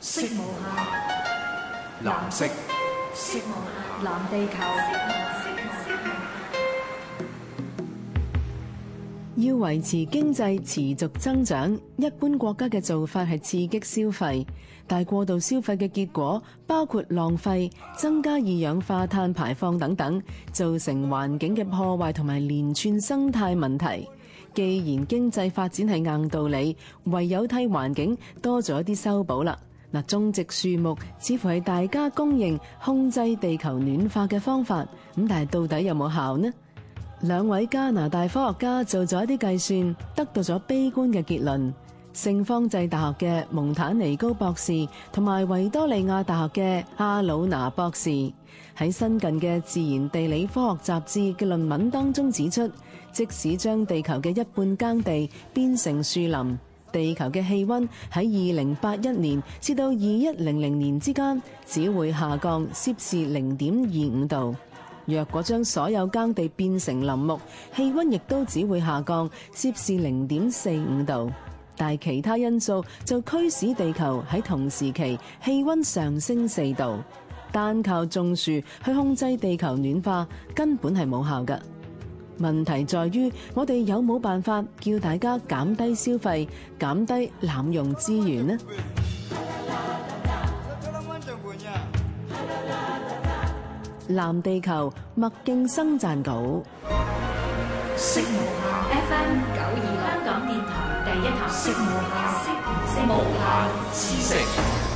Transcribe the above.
色無下，藍色。色無下，藍地球。色母下要維持經濟持續增長，一般國家嘅做法係刺激消費，但過度消費嘅結果包括浪費、增加二氧化碳排放等等，造成環境嘅破壞同埋連串生態問題。既然經濟發展係硬道理，唯有替環境多做一啲修補啦。嗱，種植樹木似乎係大家公認控制地球暖化嘅方法，咁但係到底有冇效呢？兩位加拿大科學家做咗一啲計算，得到咗悲觀嘅結論。聖方濟大學嘅蒙坦尼高博士同埋維多利亞大學嘅阿魯拿博士喺新近嘅《自然地理科學雜誌》嘅論文當中指出，即使將地球嘅一半耕地變成樹林。地球嘅氣溫喺二零八一年至到二一零零年之間只會下降攝氏零點二五度。若果將所有耕地變成林木，氣溫亦都只會下降攝氏零點四五度。但係其他因素就驅使地球喺同時期氣溫上升四度。單靠種樹去控制地球暖化，根本係冇效㗎。問題在於，我哋有冇辦法叫大家減低消費、減低濫用資源呢？藍地球，麥勁生撰稿。F M 九二香港電台第一台，無限知識。